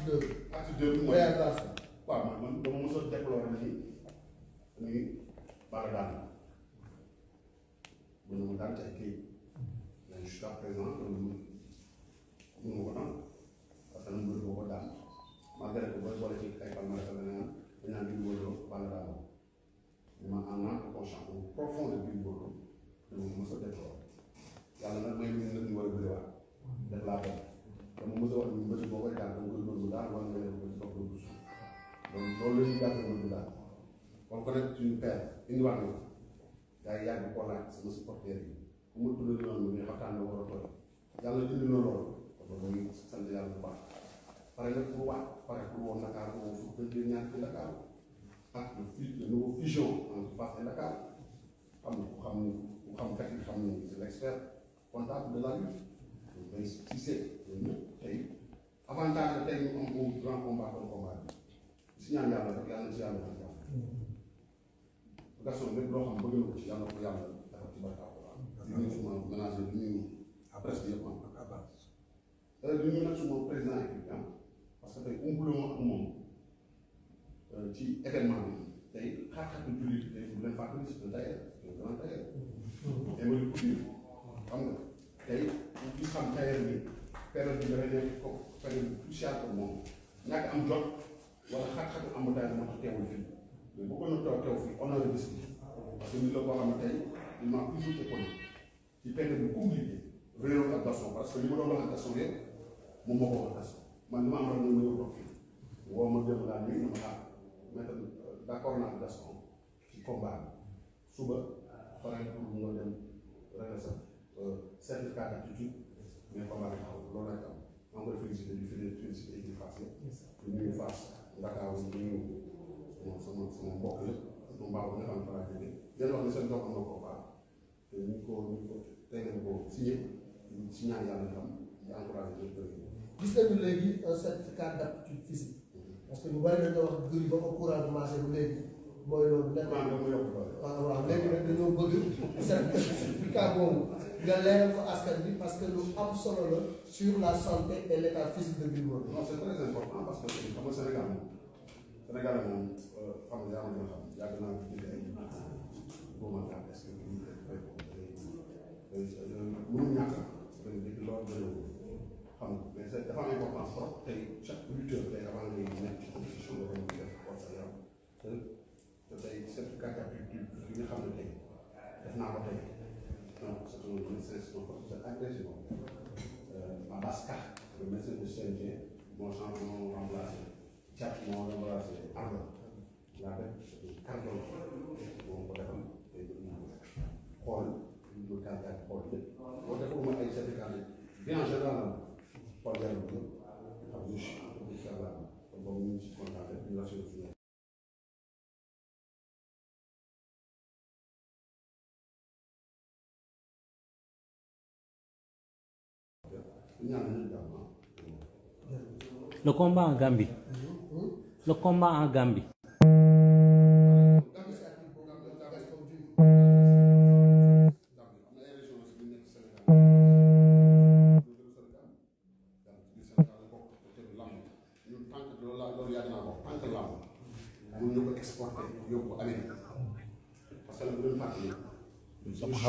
acte deux bi. acte deux bi mooy réalisation. waaw man man dama mos a déploré ni ni Bara daan na mën na ma daan ci ay kii mais jusqu'à présent loolu mënu ko am ah, parce que mënu ko ko daan malgré que boo boole ci ay palmarès la ne ah dañ naan Gris Bordeaux Bara daan na ma en tant que conscient profond de Gris Bordeaux dama mos a déploré yàlla nag may ñu ne ñu war a bëriwaat def laa bëri. dama mos a wax ni mbënd boo koy daal da nga koy bëgg daal wala nga leen ko dox bëgg suuf donc loolu la ñuy jàpp bëgg daal kon ko nekk suñu père indiwaat na daay yàgg ko laaj sama supporter yi ku ma tudd noonu mais waxtaan na war a toll yàlla indi na lool kon loolu ñu sant yàlla bu baax pare nag pour waat pare pour woon Dakar pour woon fukk ak ñaar ci Dakar ak le fii le nouveau fusion entre Fass et Dakar xam nga ku xam ku xam fekk xam nañu c'est l'expert comptable de la lutte donc day tey avantage la tey ñu am un grand combat comme combat bi si ñaan yàlla rek yàlla na si yàlla na jàpp gaston lépp loo xam bëgg na ko ci yàlla ko yàlla dafa ci barka ko di nuyu suma ménager di nuyu presse bi yëpp ak ah. abbas euh, di nuyu nag suma président équipe am ah. parce que tey umpuluma ak moom euh, ci événement bi tey xaar-xaatu jullit tey bu leen fàttali si le tailleur le grand tailleur te ma li ko xam nga tey gis xam tailleur bi période bi dafay nekk ko période bu crucial pour moom ñàkk am jot wala xat-xatu embouteillage moo tax teewul fii mais bu ko ñu toog teew fii honoré bis bi parce que nit la boo xam ne m'a toujours étonné ci période bu compliqué réew ak Gaston parce que li ma doon wax ak moo ko wax man li ma am rek mooy ñëw toog woo ma jëm laa nuyu ma xaar mettre euh, d'accord naa ak Gaston ci combat bi suba pare pour nga dem reversal euh, certificat d'aptitude mais combat bi taxaw loolu lañ am maa ngi koy félicité di félicité équipe Fass yëpp. di nuyu Fass Dakar di nuyu sama sama mbokk yëpp mu mbaaw bi nga xam ne fa laa jógee yéen wax ne seen doom am na combat te ñu ko ñu ko tey nañ ko si yëpp si ñaan yàlla ñu am di encouragé ñoom kër yi. gis nañu léegi certificat d'aptitude physique mm-hmm. parce que ñu bari dañoo wax gëri ba ko courant commencé bu léegi. mooy loolu nag. waaw waaw léegi nag dañoo bëgg certificat boobu nga leeral ko askan bi parce que lu am solo la sur la santé et l'état physique de Gris Bordeaux. non c'est très important parce que xam nga Sénégal moom Sénégal moom xam nga yaa ma xam yàgg naa ko dégg ay commentaire est-ce que lii dafay ko mënu ñàkk loolu loolu xam nga mais dafa am importance trop tey chaque lutteur day avant ngay nekk ci compétition nga catapulte bi nga xam ne tey def naa ko tey donc c'est un médecin son professeur euh, agrégé ko Mabaska le médecin de CNG moo changé moo remplacé Thiat moo remplacé Ardo laa def cardiologue moom ko defal tey jël naa ko xool ñu dul tàggat xool lépp boo defuma ay certificat bien général xool yàlla le combat en Gambie le combat en Gambie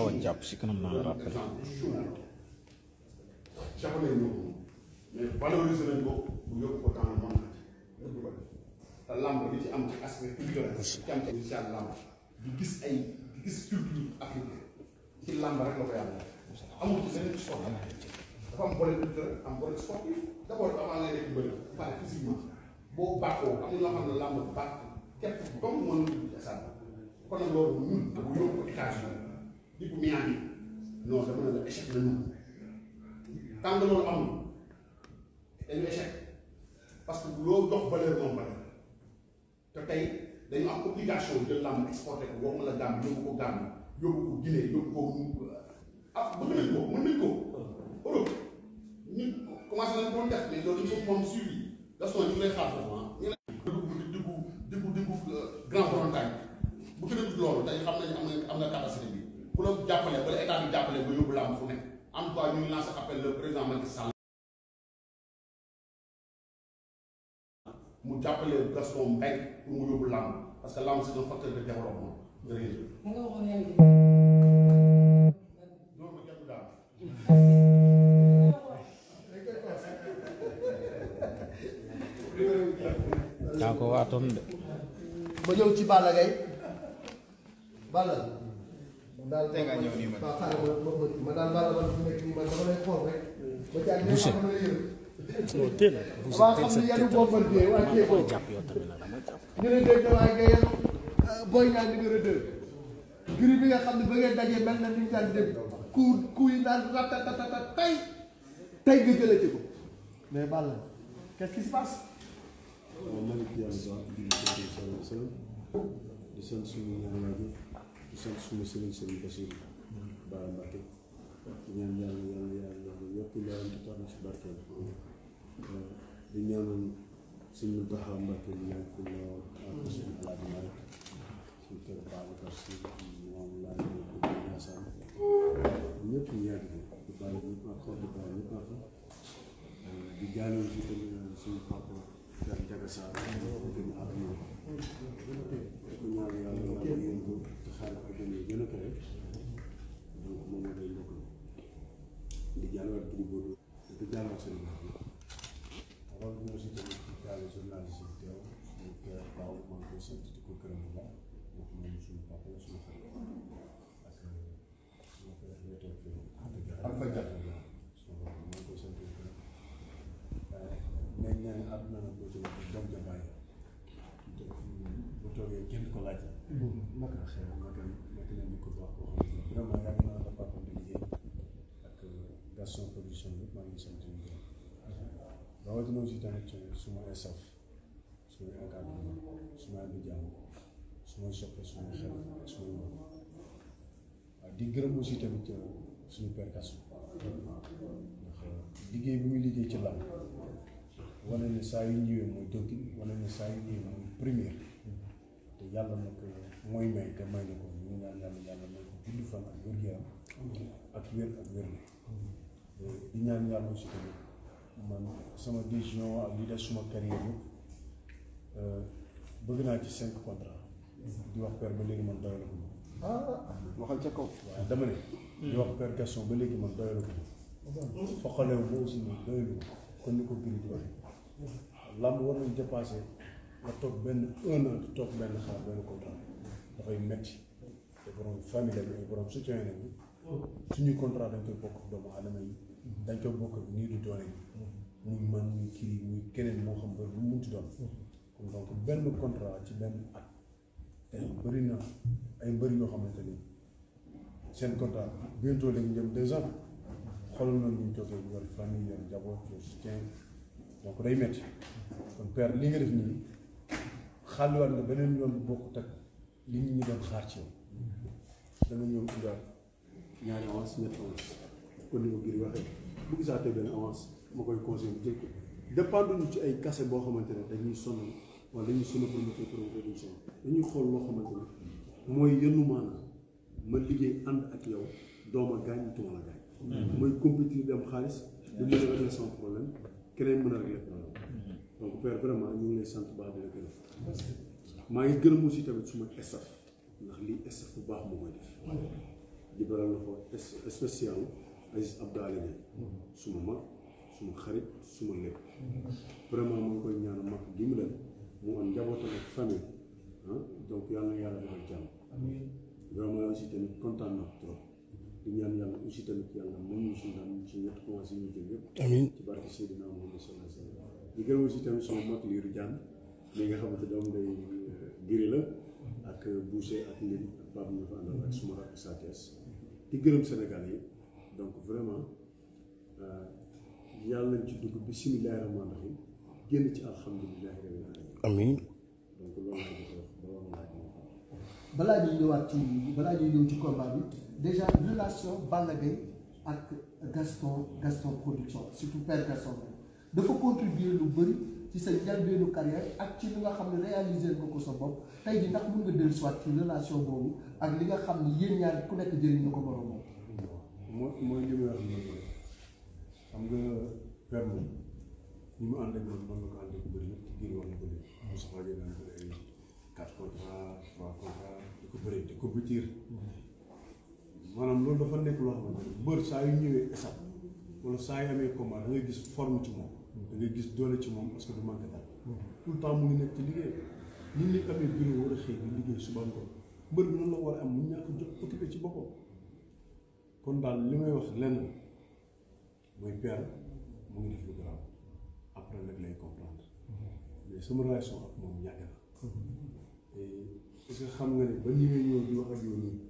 a jàpp si chaque nañ ñoo mais valoriser nañ ko bu yóbbu ko dans le monde entier te làmb li ci am ci aspect culturel ci am ci initial làmb di gis ay di gis culture africaine ci làmb rek la ko yàlla amul ci leneen sport dafa am volet culturel am volet sportif d' abord avant ngay nekk bëri pare physiquement boo bàqoo am na ñoo xam ne làmb bàq képp dong mën na dugg asaan kon nag loolu ñun bu yóbbu ko États-Unis di ko Miami non dama ne la échec la ñu tant que loolu amul dañu échec parce que loo jox valeur moom valeur te tey dañu am obligation jël làmb exporté ko waxuma la Gambie yóbbu ko Gambie yóbbu ko Guinée yóbbu ko ah bu fi dugg loolu tey xam nañ am na am na bi ku la jàppale wala état bi jàppale ba yóbbu làmb fu nekk en tout cas ñu ngi lancer appel mu yóbbu làmb parce que làmb c'est un facteur de développement jërëjëf ko waatoon de. ma ñëw ci Balla Gaye Balla daal tey nga ñëw nii ma waaw xaaral ma ma daal baal ma nekk nii man dama lay xool rek. ba ci ak léegi xam nga yëngu. non teel a bu sa teel sa teel a waaw dama jàpp yow tamit la dama jàpp. ñu ne dégg waaye ah, nga yenu Boy Niang numéro 2. giri bi nga xam ne ba ngeen dajee mel na ni ñu daan dem ku ku yi naan ratatata tey tey nga jëlee ci ko mais Balla qu'est-ce qui se passe. waaw man it yàlla baax di sant suñu di sant suma sëriñ sëriñ Basiir Bara Mbacke di ñaan yàlla yàlla yàlla yokk leeram te tax na si barkeel di ñaanal suñu Muntaxa Mbacke di ñaan ko lool ak suñu Alaaji Malick suñu kër Babacar Si moom laa ñëw ko Ñaasaan ñëpp ñu yàgg di bàyyi ñëpp ak xol di bàyyi ñëpp ak di jaanal si tamit suñu papa Cheikh Ndiaga Sarr gën a àdduna di ko ñaan yàlla yàlla yéen ko te xaar ak gën a gën a kawe donc moom la day mbokk di jàllwaat bu ñu boobu di jàllwaat seen bopp avant ñu aussi tamit di jàll journaliste bi teew donc Pao maa ngi koy sant di ko gërëm bu baax donc moom suñu papa la suñu xarit ak suñu frère ñu toog fii Alpha Diallo nee na àdduna na ko ci wax doom ja bàyyi bu toogee kenn ko laaj xew naka naka leen di ko baax koo xam liggéey euh, gërëm rawatina aussi tamit suma esaf suma encadrement suma bi ah, euh, euh, liggéey bi muy liggéey ci làmb wane ne saa yu ñëwee mooy deuxième wane ne saa yu ñëwee mooy première te yàlla nag mooy may te may na ko ñu ñaan yàlla yàlla may ko gudd fan ak wér yaram ak wér ak di ñaan yàlla aussi tamit man sama décision ak li des suma carrière yëpp euh, bëgg naa ci cinq contrat di wax père ba léegi man doyal ko ah, waxal ca kaw dama ne di wax père Gaston ba léegi man doyal ko foqalew boo aussi man doyal ko kon ni ko giri làmb war nañ dépassé nga toog benn un an toog benn xaar contrat dafay metti te borom famille la ñu borom suñu contrat dañ koy bokk doomu aadama yi dañ koy bokk nii du doole yi muy man muy kii muy keneen moo xam ba lu munti doon kon donc benn contrat ci benn ak te bëri na ay mbëri yoo xamante ni seen contrat bientôt la ñu jëm deux ans xoolal na ñu toogee yor famille yor njaboot donc day métti kon père li nga def nii xàlluwaat nga beneen yoon bu bokkut li nit ñi doon xaar ci yow danga ñëw tuddaat ñaari avance ñetti avance kon ni ma gir waxee bu gisaatee benn avance ma koy conseillé bu jëkk dépendre ñu ci ay kase boo xamante ne dañuy sonn wala dañuy sonn promoteur promoteur duñ sonn dañuy xool loo xamante ne mooy yënnu maanaam ma liggéey ànd ak yow dooma gaañ tuma la gaañ mooy compétir dem xaalis du mën a régler sans problème keneen mën a régler problème donc père vraiment ñu ngi lay sant baax di la maa ngi gërëm aussi tamit suma staff ndax lii staff bu baax moo koy def di baral na ko spécial Aziz Abdoulaye Niang suma mag suma xarit suma lépp vraiment ma ngi koy ñaanal mag gi mu leen mu am njabootam ak famille ah, donc yàlla yàlla defal jàmm vraiment aussi tamit kontaan na trop di ñaan yàlla aussi tamit yàlla mën ñu si naan si ñett commencé ñu jël yëpp. amiin ci barke Seydina Muhammad sallallahu alayhi wa sallam. di gërëm aussi tamit sama mag liiru euh, jàmm di gërëm Sénégal yi donc vraiment euh, yàlla nañ ci dugg bisimilahi rahmaan rahim génn ci alhamdulilahi rabbil alamin amiin donc loolu laa bëgg wax ci balaa ñuy ci combat bi. déjà relation Balla Gaye ak Gaston Gaston production surtout père Gaston dafa contribuer lu bëri ci sa njëlbéenu carrière ak ci li nga xam ne réaliser nga ko sa bopp tey ji ndax mun nga dellu soit ci relation boobu ak li nga xam ne yéen ñaar ku nekk jëriñ na ko borom moom. mooy mooy xam nga père moom ñi mu ànd ak moom noonu la ko ànd ak bëri yëpp ci biir wàllu bëri mosumaa jëlee ay quatre contrats trois contrats di ko bëri di ko maanaam loolu dafa nekk loo xamante ne mbër saa yu ñëwee esat wala saa yu amee combat da gis form ci moom da gis doole ci moom parce que du manqué dara mhm. le temps mu ngi nekk ci liggéey ñun ñi amee bureau war a xëy di liggéey suba ngoon mbër bi noonu la war am mu ñàkk jot occupé ci boppam kon daal li may wax lenn mooy père mu ngi def lu garaaw après lay comprendre mhm. mais sama relation moom yàgg na parce mhm. que xam nga ne ba ñu ñëw di wax ak yow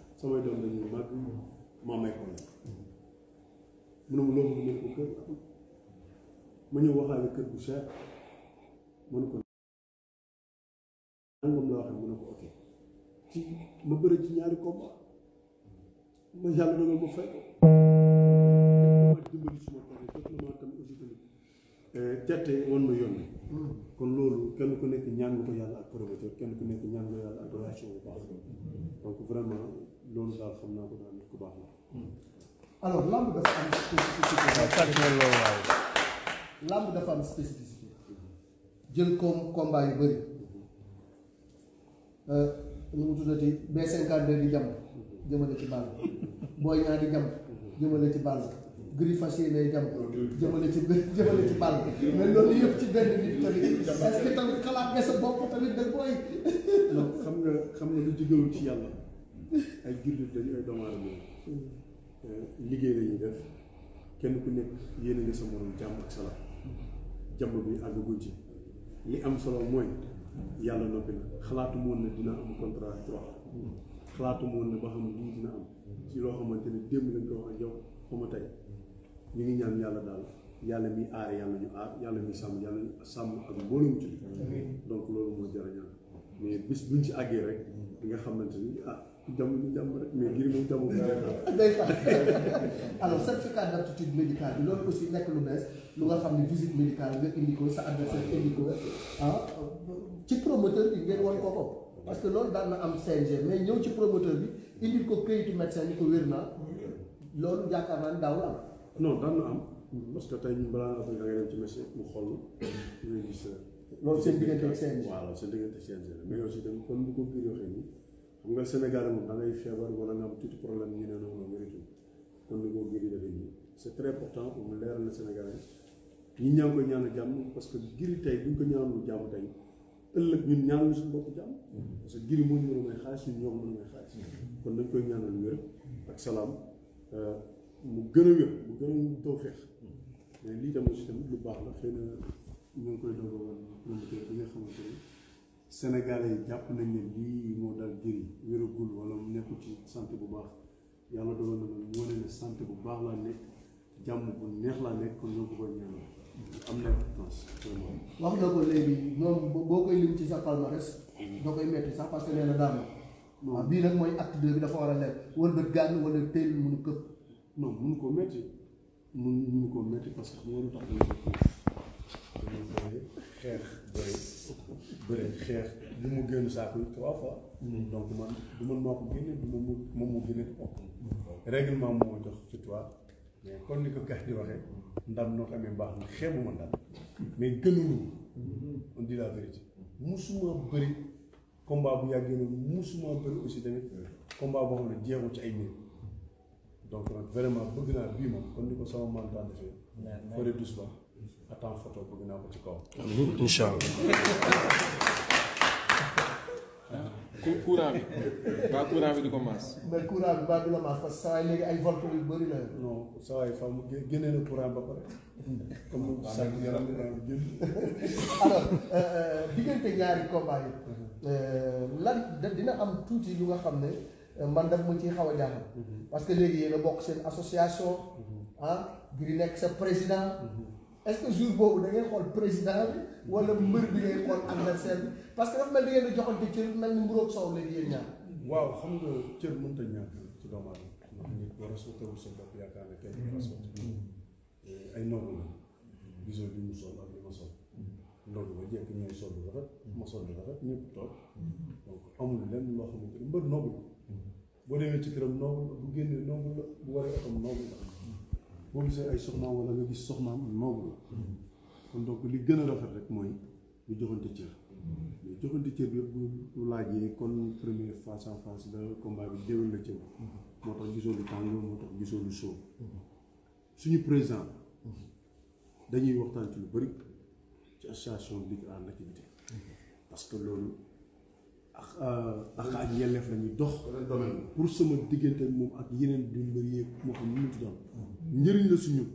samay doom lañu mag maa may ko nag mu ma loolu mu ne ko kër ma ñëw waxaale ko nangam la waxee mu ne ko ok ci ñaari combat ma yàlla dogal ma fay ko ma dimbali suma pare jot na maa tam aussi tamit certe eh, wan ma yónni kon loolu kenn ku nekk ñaan nga ko yàlla ak promoteur kenn ku nekk ñaan nga yàlla ak relation bu baax donc vraiment loolu daal xam naa ko daal nit ku baax la. Hmm. alors lamb dafa am spécificité. Ah, lamb dafa am spécificité. Euh, ci Balla Boy Niang di jàmm jëmale sa bopp tamit xam nga lu jógewul ci yàlla. ay jullit dañu ay doomu aadama eh, liggéey lañuy def kenn ku nekk yéene nga sa morom jàmm ak salaam jàmm bi àggaguñ ci li am solo mooy yàlla noppi na xalaatu moon na dina am moon na ba xam lii ci loo xamante ni démb lañ ko wax ak yow xama tey ñu ngi ñaan yàlla daal yàlla mi aar yàlla ñu aar yàlla mi sàmm yàlla sàmm ak mboolum ci donc loolu moo jar mais bis buñ ci àggee rek di xamante ni ah jàmm ñu jàmm rek mais ngir moom jàmm day fa alors certificat d' aptitude médicale bi nekk lu bees lu nga xam ne visite médicale nga indi ko sa adversaire indi ko ah ci promoteur bi ngeen wan ko ko parce que loolu daan na am CNG mais ñëw ci promoteur bi indil ko këyitu médecin ni ko wér naa loolu yaakaar naa ne daaw la am non daan na am parce que tey balaa nga dem ci médecin mu xool ñu ngi gis loolu seen diggante ak CNG waaw mais aussi tamit kon bu ko kii waxee nii xam nga Sénégal moom da ngay feebar wala nga am tuuti problème ñu ne noonu nga rëccu kon ni ko giri defee nii c'est très important pour mu leeral na Sénégalais ñun ñaa ngi koy ñaanu jàmm parce que giri tey buñ ko ñaanul jàmm tey ëllëg ñun ñaanu suñu bopp jàmm parce que giri moo ñu mën a may xaalis ñun ñoom mën a may xaalis kon dañ koy ñaanal wér ak salaam euh, mu gën a wér mu gën a taw feex mais lii tam aussi tamit lu baax la xëy na ñoo ngi koy doog a promoteur bi nga xamante ni Sénégalais yi jàpp nañ ne lii moo dal jëriñ wéragul wala mu nekkul ci santé bu baax yàlla dogal na man ne ne santé bu baax laa nekk jàmm bu neex laa nekk kon ñoo bëggoon ñaanal am na importance vraiment. wax nga ko léegi ñoom boo koy lim ci sa palmarès. koy metti sax parce que nee na daan ah, bii nag mooy acte deux dafa war a leer wëlbët gànn wala teel mënu këpp. non mënu ko métti mënu que xam xeex bëri bëri xeex li mu génn saako yi trois fois. Mm. donc man du man maa ko génne du moom moom moo génne ëpp. Mm. règlement moo jox kon ni ko gars di waxee ndax noo ko amee baax na xeebu ma ndam mais gënuñu mm-hmm. on dit la vérité musuma bëri combat bu yàggee noonu musuma bëri aussi tamit combat boo xam ne jeexu ci ay nit donc nag vraiment bëgg naa bii moom kon ni ko sama mandat defee. fële doucement. attends photo bëgg naa ko ci kaw. incha allah. courant bi waa courant bi di ko maas. mais courant bi baax du la maas parce que léegi ay volcan yu bëri la. non saa yi xam ne euh, man daf ma ciy xaw a jaaxal. Mhm. que léegi yéen a bokk seen association. Mhm. ah sa président. Mhm. est-ce que jour boobu da ngay xool président bi wala mbër bi ngay xool adversaire bi parce que dafa mel ni ngeen joxante cër mel ni mburoog soow la yéen ñaar. waaw xam nga cër mënut a ñàkk ci doomu aadama. ndax nit war a sotteewul sa bopp yaakaar ne kenn du la sotti. Eh, ay noonu la. mu sol ak li ma sol. loolu ba ñëpp toog. donc amul lenn loo xamante ni mbër noobul. ci këram noobul bu génnee noobul la bu waree atam noobul la. boo gisee ay soxnaam wala nga gis soxnaam noobu la kon donc li gën a rafet rek mooy ñu joxante cër mais joxante cër bi yëpp bu laajee kon première face à face la combat bi déwén la cër moo tax gisoo lu tàng moo tax gisoo lu soow suñu président dañuy waxtaan ci lu bëri ci association ligue en activité parce que loolu ak euh, ak yelleef la ñuy dox. pour sama diggante moom ak yeneen du mbër yéeg moo xam ni mu ci doon. njëriñ la suñu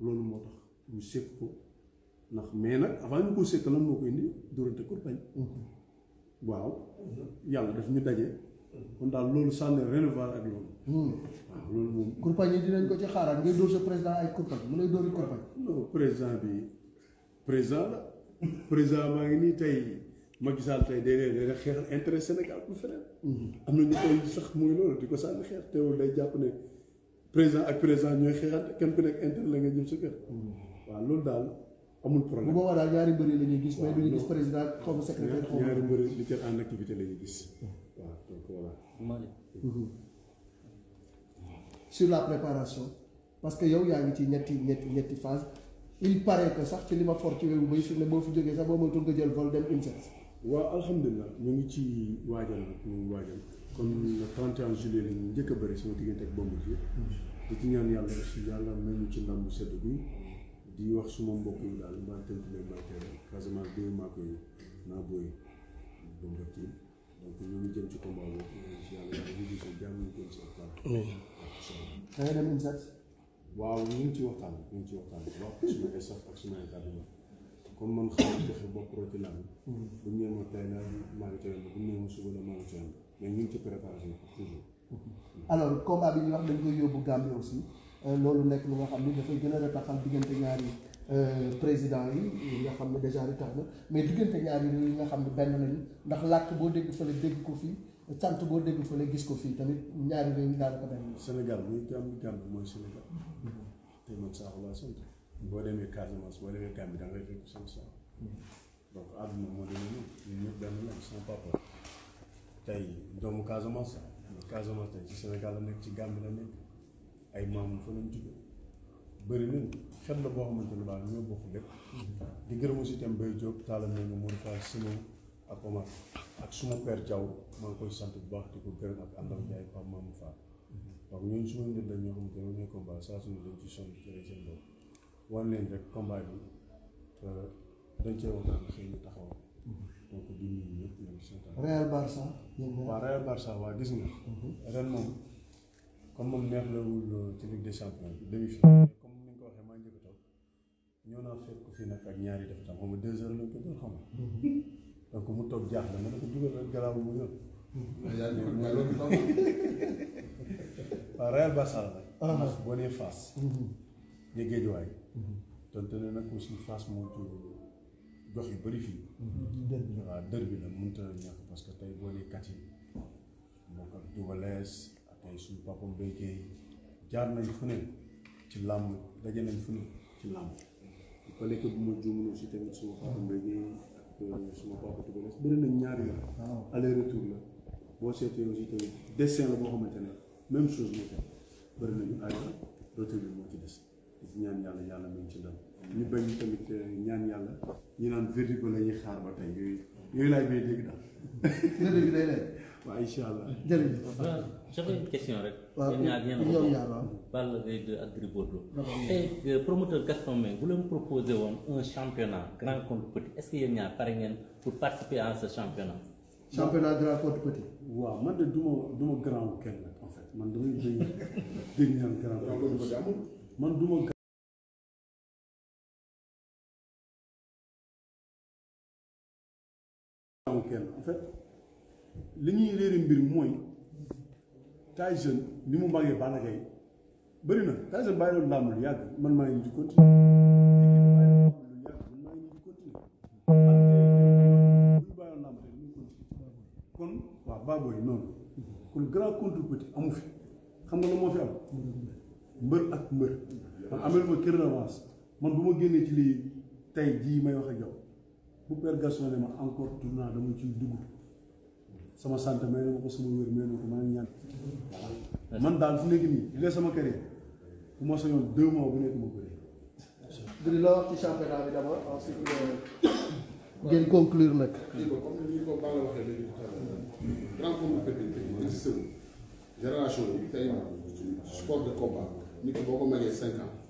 loolu moo tax ñu seq ko ndax mais nag avant ñu ko seq lan moo koy indi dóorante kurpañ waaw yàlla daf ñu daje. kon daal loolu sànni relevoir ak loolu. Hmm. waaw loolu moom. kurpañ yi dinañ ko ci xaaraat ngay dóor sa président ay kurpañ mu lay dóori kurpañ. non président bi président la président maa ngi nii tey. Macky Sall tey day day day xeexal intérêt Sénégal pour feneen. Mm-hmm. am na ñu koy sax mooy loolu di ko sànni xeex teewul day jàpp ne président ak président ñooy xeexal kenn ku nekk intérêt la nga jëm sa kër. Mm-hmm. loolu daal amul problème. bu boobaa daal ñaari mbëri la ñuy gis. waaw mais du ñu gis président xaw ma secrétaire xaw ma. ñaari mbëri li teel en la ñuy gis. Mm-hmm. donc voilà. sur la préparation parce que yow yaa ngi ci ñetti ñetti ñetti phase il paraît que sax ci li ma fort ci wéyum bay fi ne boo fi jógee sax boo moytuwul nga jël vol dem INSEP. waaw alhamdulilah ñu ngi ci waajal nag ñu ngi waajal comme le 31 juillet la ñu njëkk a bëri sama diggante ak Bombardier mm-hmm. di ci ñaan yàlla aussi yàlla may ñu ci ndam bu sedd bi di wax suma mbokk yi daal maa tënk leen maa teel quasiment deux mois que booy Bombardier donc ñu ngi jëm ci combat boobu yàlla yàlla ñu ngi gis jàmm ñu si waxtaan. da nga dem INSET. waaw ñu ngi ci waxtaan ñu ngi ci waxtaan wax comme man xam nga joxe bokkoo ci làmb bu ñu ma tey la maa ngi tey bu ma suba la maa ngi tey alors combat bi ñu wax dañ koy yóbbu Gambie aussi euh, loolu nekk lu nga xam ne dafay gën a rataxal diggante ñaari euh, président yi nga xam ne déjà retax na mais diggante ñaari yi nga xam ne benn lañu ndax làkk boo dégg fa fële dégg ko fii sant boo dégg fële gis ko fii tamit ñaari réew yi daanaka benn. Sénégal muy Gambie Gambie mooy Sénégal te man saako laa sant. boo demee Casamance boo demee Gambie da ngay fekk seen sang mm-hmm. donc àdduna moo demee noonu ñun ñëpp benn lañ sama papa tey doomu Casamance la ci Sénégal la nekk ci Gambie la nekk ay maam fa lañ juddoo bëri nañ xel la boo xamante ne daal ñoo bokk lépp mm-hmm. di gërëm aussi itam Baye Diop Talla Mbengue Mor Fall Simon ak Omar ak suma père koy sant bu baax di ko gërëm ak Andaw mm-hmm. Ndiaye Pape Mamou Fall donc ñooñu suma nit la ñoo xamante ne ñoo nekkoon baax saa suñu dañ ci sonn ci seen bopp wan leen rek combat bi dañ cee waxtaan xëy na taxaw donc di nuyu ñëpp ñu ngi seetaan. Real Barça. waaw Barça waaw gis nga. Mhm. ren moom comme moom neex la wul euh, ci Ligue des champions demi-finale mhm. comme ni nga ko waxee maa njëkk a toog ñëw naa fekk def tam xam nga deux heures lañ ko doon xam mhm. donc mu donte ne nag aussi fas moo jur gox yu bëri fii. Mhm. dër bi waaw dër bi nag mënut a parce que tey boo nee kat yi moo dugalees ak ay suñu papam béykee jaar nañ fu ne ci làmb daje nañ fu ne ci làmb. fële que bu ma juumee aussi tamit suma papa mbéykee ak euh, suma papa dugalees bëri ñaari ah. la. waaw retour la boo seetee aussi tamit dessin la boo xamante ne même chose moo tax bëri nañu aay retour bi moo ci des. di ñaan yàlla yàlla mu ci ndam ñu bañ tamit euh, ñaan yàlla ñu naan verdict ba la ñuy xaar ba tey yooyu yooyu laay bay dégg daal. dina waaw incha allah jërëjëf. waaw j'avais une question rek. waaw ñaar ñeent ñoom ñaar waaw. Balla Gaye 2 ak Gris Bordeaux. tey eh, euh, promoteur Gaston Mbengue bu leen proposé woon un championnat grand contre petit est-ce que yéen ñaar pare ngeen pour participer à ce championnat. championnat grand contre man de du ma du ma grand kenn man damay béy dégg man fait li ñuy réere mbir mooy Tyson ni mu magee Balla Gaye bëri na Tyson bàyyi loolu làmb lu yàgg man maa ngi di continuer man maa ngi di continuer kon waaw baabooy noonu kon grand contre petit amu fi xam nga la moo fi am mbër ak mbër man amel ma kër avance man bu ma génnee ci lii tey jii may wax ak yow bu père Gaston ne ma encore tournant dama ciy dugg sama sant may na ma ko sama wér may na ko man ñaan man daal fu nekk nii li sama kër bu ma soñoon deux bu nekk ma bëree. di ci championnat bi d'abord ensuite euh, comme ni ko Balla waxee génération sport de combat nit ki boo ko magee cinq